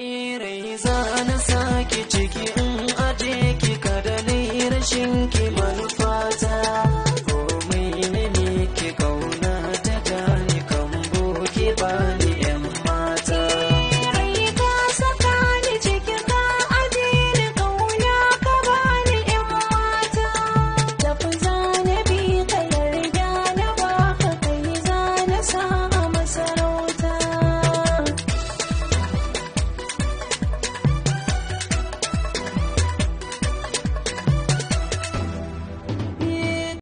Irai za na sake ciki in aje ki kada ni rashin ki ma.